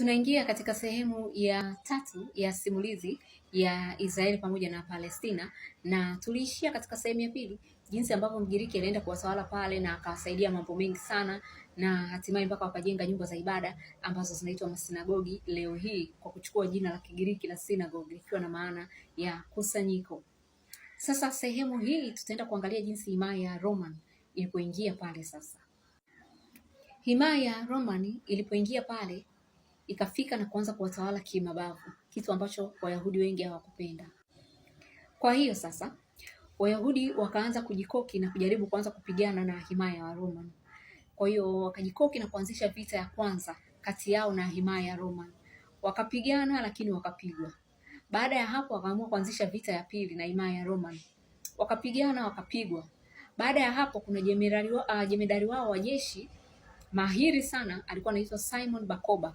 Tunaingia katika sehemu ya tatu ya simulizi ya Israeli pamoja na Palestina, na tuliishia katika sehemu ya pili, jinsi ambavyo Mgiriki alienda kuwatawala pale na akawasaidia mambo mengi sana, na hatimaye mpaka wakajenga nyumba za ibada ambazo zinaitwa masinagogi leo hii kwa kuchukua jina la Kigiriki la synagogue likiwa na maana ya kusanyiko. Sasa sehemu hii tutaenda kuangalia jinsi himaya ya Roman ilipoingia pale. Sasa himaya ya Roman ilipoingia pale ikafika na kuanza kuwatawala kimabavu, kitu ambacho Wayahudi wengi hawakupenda. Kwa hiyo sasa Wayahudi wakaanza kujikoki na kujaribu kuanza kupigana na himaya ya Roman. Kwa hiyo wakajikoki na kuanzisha vita ya kwanza kati yao na himaya ya Roman. Wakapigana lakini wakapigwa. Baada ya hapo wakaamua kuanzisha vita ya pili na himaya ya Roman. Wakapigana wakapigwa. Baada ya hapo kuna jenerali wa, uh, jemedari wao wa jeshi mahiri sana alikuwa anaitwa Simon Bakoba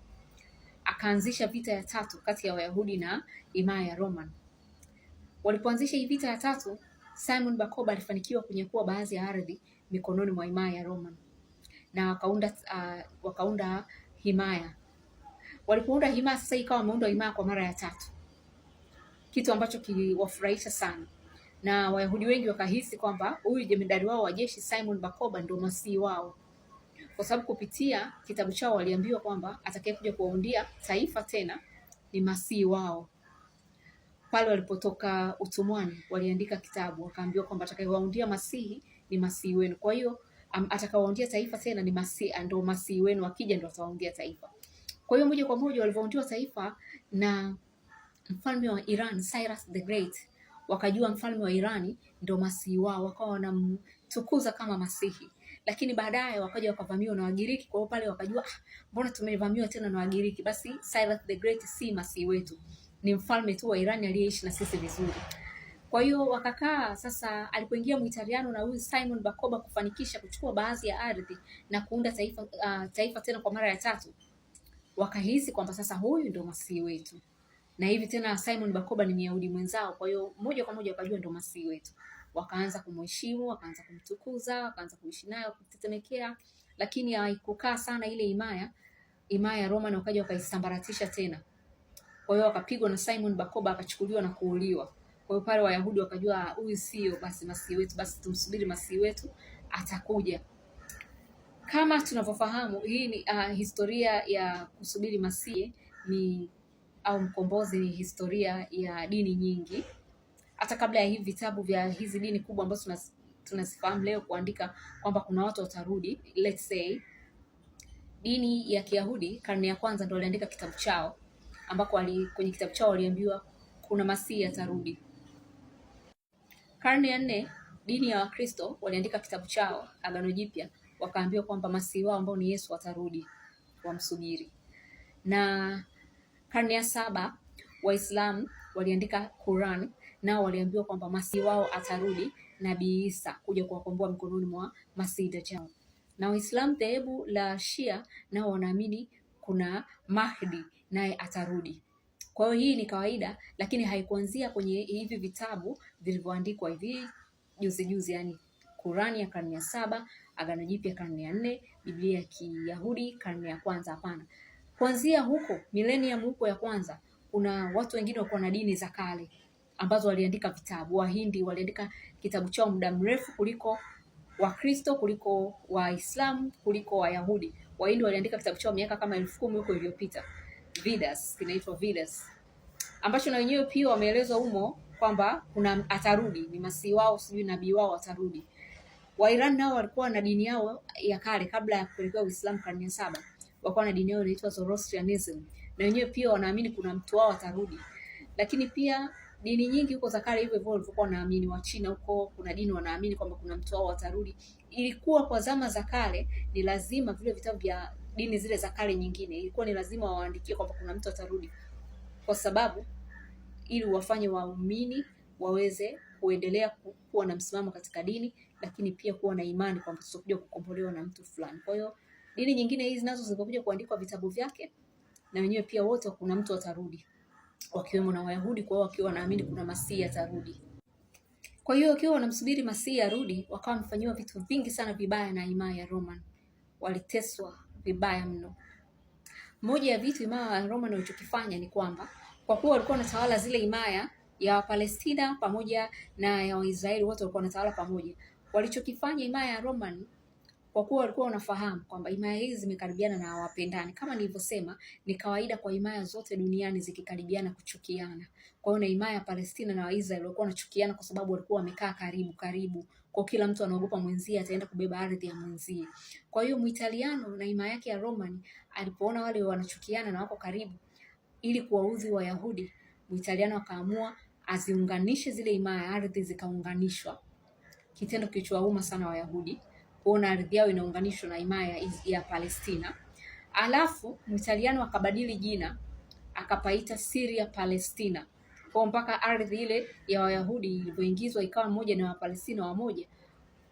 akaanzisha vita ya tatu kati ya Wayahudi na himaya ya Roman. Walipoanzisha hii vita ya tatu, Simon Bakoba alifanikiwa kunyakua baadhi ya ardhi mikononi mwa himaya ya Roman na wakaunda, uh, wakaunda himaya. Walipounda himaya sasa, ikawa wameunda himaya kwa mara ya tatu, kitu ambacho kiliwafurahisha sana, na Wayahudi wengi wakahisi kwamba huyu jemedari wao wa jeshi Simon Bakoba ndio masii wao kwa sababu kupitia kitabu chao waliambiwa kwamba atakayekuja kuwaundia taifa tena ni masihi wao. Pale walipotoka utumwani waliandika kitabu, wakaambiwa kwamba atakayewaundia masihi ni masihi wenu. Kwa hiyo atakawaundia taifa tena ni masii, ndo masii wenu akija, ndo atawaundia taifa. Kwa hiyo moja kwa moja walivyoundiwa taifa na mfalme wa Iran Cyrus the Great, wakajua mfalme wa Irani ndo masihi wao, wakawa wanamtukuza kama masihi lakini baadaye wakaja wakavamiwa na Wagiriki. Kwa hiyo pale wakajua ah, mbona tumevamiwa tena na Wagiriki? Basi Cyrus the Great si masihi wetu, ni mfalme tu wa Irani aliyeishi na sisi vizuri. Kwa hiyo wakakaa sasa. Alipoingia Mwitaliano na huyu Simon Bakoba kufanikisha kuchukua baadhi ya ardhi na kuunda taifa, uh, taifa tena kwa mara ya tatu, wakahisi kwamba sasa huyu ndo masihi wetu, na hivi tena Simon Bakoba ni Myahudi mwenzao, kwa hiyo moja kwa moja wakajua ndo masihi wetu wakaanza kumheshimu, wakaanza kumtukuza, wakaanza kuishi naye, kumtetemekea, lakini haikukaa sana ile imaya imaya ya Roma na wakaja wakaisambaratisha tena. Kwa hiyo wakapigwa na Simon Bakoba akachukuliwa na kuuliwa. Kwa hiyo pale Wayahudi wakajua ah, huyu sio basi masihi wetu, basi tumsubiri masihi wetu atakuja. Kama tunavyofahamu hii ni uh, historia ya kusubiri masihi ni au mkombozi ni historia ya dini nyingi hata kabla ya hivi vitabu vya hizi dini kubwa ambazo tunazifahamu leo kuandika kwamba kuna watu watarudi, let's say dini ya Kiyahudi karne ya kwanza ndio waliandika kitabu chao, ambako kwenye kitabu chao waliambiwa kuna masihi atarudi. Karne ya nne dini ya Wakristo waliandika kitabu chao Agano Jipya, wakaambiwa kwamba masihi wao ambao ni Yesu atarudi, wamsubiri. Na karne ya saba Waislamu waliandika Quran nao waliambiwa kwamba Masihi wao atarudi Nabii Isa kuja kuwakomboa mikononi mwa Masihi Dajjal. Na Waislamu dhehebu la Shia nao wanaamini kuna Mahdi naye atarudi. Kwa hiyo hii ni kawaida, lakini haikuanzia kwenye hivi vitabu vilivyoandikwa hivi juzi juzi, yani Qurani ya karne ya saba, Agano Jipya karne ya nne, Biblia ya Kiyahudi karne ya kwanza. Hapana, kuanzia huko milenium huko ya kwanza, kuna watu wengine walikuwa na dini za kale ambazo waliandika vitabu. Wahindi waliandika kitabu chao muda mrefu kuliko Wakristo, kuliko Waislamu, kuliko Wayahudi. Wahindi waliandika kitabu chao miaka kama elfu kumi huko iliyopita, Vedas, kinaitwa Vedas, ambacho na wenyewe pia wameelezwa humo kwamba kuna atarudi, ni masihi wao, sijui nabii wao atarudi. Wairan nao walikuwa na dini yao ya kale kabla ya kupelekewa Uislamu karne ya saba, walikuwa na dini yao inaitwa Zoroastrianism, na wenyewe pia wanaamini kuna mtu wao atarudi, lakini pia dini nyingi huko za kale hivyo hivyo walivyokuwa wanaamini Wachina huko, kuna dini wanaamini kwamba kuna mtu wao watarudi. Ilikuwa kwa zama za kale ni lazima vile vitabu vya dini zile za kale nyingine, ilikuwa ni lazima waandikie kwamba kuna mtu atarudi, kwa sababu ili wafanye waumini waweze kuendelea kuwa na msimamo katika dini, lakini pia kuwa na imani kwamba tutakuja kukombolewa na mtu fulani. Kwa hiyo dini nyingine hizi nazo zilipokuja kuandikwa vitabu vyake, na wenyewe pia wote, kuna mtu atarudi wakiwemo na Wayahudi kwao, wakiwa wanaamini kuna Masihi atarudi. Kwa hiyo wakiwa wanamsubiri Masihi arudi, wakawa wamefanyiwa vitu vingi sana vibaya na himaya ya Roman, waliteswa vibaya mno. Moja ya vitu himaya ya Roman walichokifanya ni kwamba kwa kuwa walikuwa wanatawala zile himaya ya Palestina pamoja na ya Waisraeli, wote walikuwa wanatawala pamoja. Walichokifanya himaya ya Roman kwa kuwa walikuwa wanafahamu kwamba himaya hizi zimekaribiana na hawapendani. Kama nilivyosema, ni kawaida kwa himaya zote duniani zikikaribiana kuchukiana. Kwa hiyo na himaya ya Palestina na Waisraeli walikuwa wanachukiana kwa sababu walikuwa wamekaa karibu karibu, kwa kila mtu anaogopa mwenzie ataenda kubeba ardhi ya mwenzie. Kwa hiyo Muitaliano na himaya yake ya Roman alipoona wale wanachukiana na wako karibu, ili kuwaudhi Wayahudi, Muitaliano akaamua aziunganishe zile himaya, ardhi zikaunganishwa, kitendo kilichowauma sana Wayahudi kuona ardhi yao inaunganishwa na himaya ya Palestina. Alafu Mwitaliano akabadili jina akapaita Syria Palestina, kwa mpaka ardhi ile ya Wayahudi ilivyoingizwa ikawa moja na Wapalestina wamoja,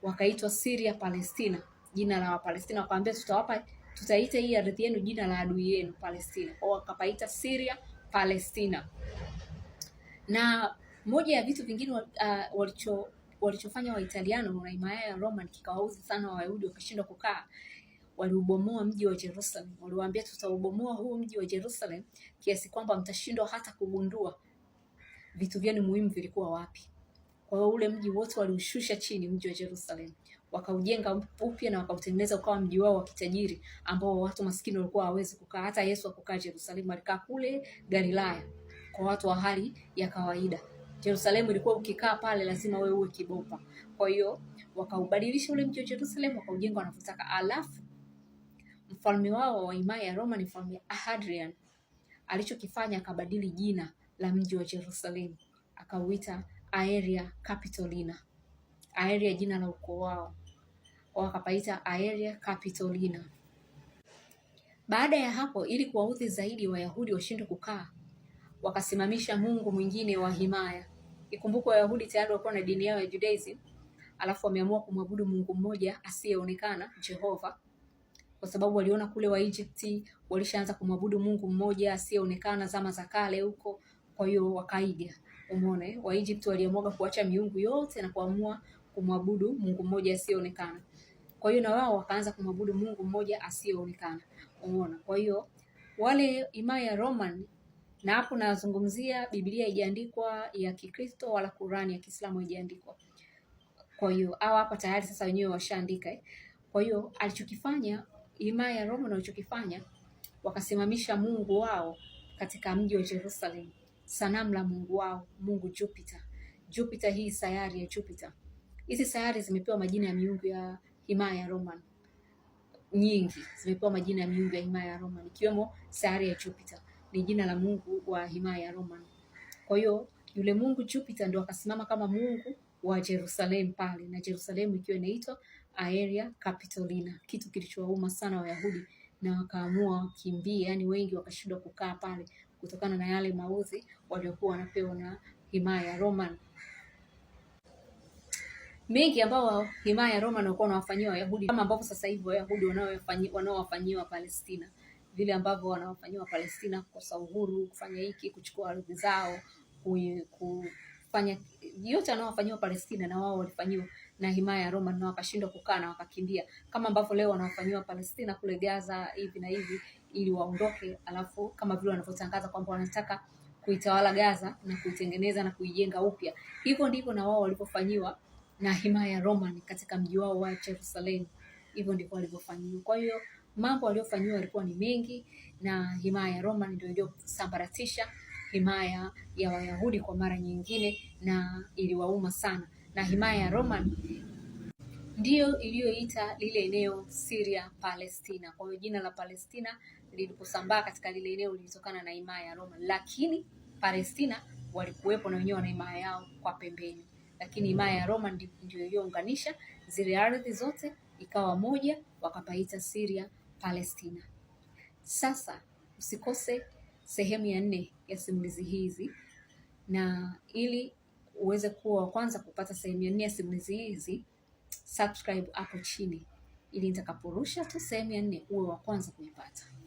wakaitwa Syria Palestina, jina la Wapalestina. Wakaambia tutawapa tutaita hii ardhi yenu jina la adui yenu Palestina, kwa wakapaita Syria Palestina. Na moja ya vitu vingine uh, walicho walichofanya Waitaliano na himaya ya Roma kikawauzi sana Wayahudi, wakashindwa kukaa waliubomoa mji wa Jerusalem. Waliwaambia, tutaubomoa huu mji wa Jerusalem kiasi kwamba mtashindwa hata kugundua vitu vyenu muhimu vilikuwa wapi. Kwa hiyo ule mji wote waliushusha chini, mji wa Jerusalem, wakaujenga upya na wakautengeneza ukawa mji wao wa kitajiri ambao watu maskini walikuwa hawezi kukaa. Hata Yesu hakukaa Jerusalemu, alikaa kule Galilaya kwa watu wa hali ya kawaida jerusalemu ilikuwa ukikaa pale lazima wewe uwe kibopa. Kwa hiyo wakaubadilisha ule mji wa Jerusalemu wakaujenga wanavyotaka. Alafu mfalme wao wa himaya ya Roma ni mfalme Hadrian, alichokifanya akabadili jina la mji wa jerusalemu akauita Aeria Capitolina. Aeria jina la ukoo wao, wakapaita Aeria Capitolina. Baada ya hapo, ili kuwaudhi zaidi Wayahudi washindwe kukaa, wakasimamisha mungu mwingine wa himaya Ikumbukwe Wayahudi tayari walikuwa na dini yao ya Judaism, alafu wameamua kumwabudu Mungu mmoja asiyeonekana Jehova, kwa sababu waliona kule wa Egypt walishaanza kumwabudu Mungu mmoja asiyeonekana zama za kale huko, kwa hiyo wakaiga. Umeona, wa Egypt waliamua kuacha miungu yote na kuamua kumwabudu Mungu mmoja asiyeonekana. Kwa hiyo na wao wakaanza kumwabudu Mungu mmoja asiyeonekana. Umeona, kwa hiyo wale imani ya Roman na hapo nazungumzia Biblia ijaandikwa ya Kikristo wala Qurani ya Kiislamu ijaandikwa. Kwa hiyo au hapa tayari sasa wenyewe washaandika eh. Kwa hiyo alichokifanya himaya ya Roma na alichokifanya wakasimamisha mungu wao katika mji wa Jerusalem, sanamu la mungu wao, mungu Jupiter. Jupiter hii sayari ya Jupiter. Hizi sayari zimepewa majina ya miungu ya himaya ya Roman, nyingi zimepewa majina ya miungu ya himaya ya Roman ikiwemo sayari ya Jupiter ni jina la mungu wa himaya ya Roman. Kwa hiyo yule mungu Jupiter ndo akasimama kama mungu wa Jerusalemu pale, na Jerusalemu ikiwa inaitwa aeria Capitolina, kitu kilichowauma sana Wayahudi na wakaamua wakimbia yani wengi wakashindwa kukaa pale kutokana na yale mauzi waliokuwa wanapewa na himaya ya Roman. Mengi ambao himaya ya Roman walikuwa wanawafanyia Wayahudi kama ambavyo sasa hivi Wayahudi wanaowafanyiwa Palestina vile ambavyo wanawafanyia Wapalestina kukosa uhuru, kufanya hiki, kuchukua ardhi zao, kufanya yote wanaowafanyia Wapalestina na wao walifanyiwa na himaya ya Roma na wakashindwa kukaa na wakakimbia, kama ambavyo leo wanawafanyiwa Palestina kule Gaza hivi na hivi, ili waondoke, alafu kama vile wanavyotangaza kwamba wanataka kuitawala Gaza na kuitengeneza na kuijenga upya. Hivyo ndivyo na wao walivyofanyiwa na himaya ya Roma katika mji wao wa Yerusalemu, hivyo ndivyo walivyofanyiwa. Kwa hiyo Mambo aliyofanyiwa yalikuwa ni mengi, na himaya ya Roma ndio iliyosambaratisha himaya ya Wayahudi kwa mara nyingine, na iliwauma sana, na himaya ya Roma ndiyo iliyoita lile eneo Syria Palestina. Kwa hiyo jina la Palestina liliposambaa katika lile eneo lilitokana na himaya ya Roma, lakini Palestina walikuwepo na wenyewe wana himaya yao kwa pembeni, lakini himaya ya Roma ndiyo iliyounganisha zile ardhi zote ikawa moja, wakapaita Syria Palestina. Sasa usikose sehemu ya nne ya simulizi hizi, na ili uweze kuwa wa kwanza kupata sehemu ya nne ya simulizi hizi, subscribe hapo chini, ili nitakaporusha tu sehemu ya nne uwe wa kwanza kuipata.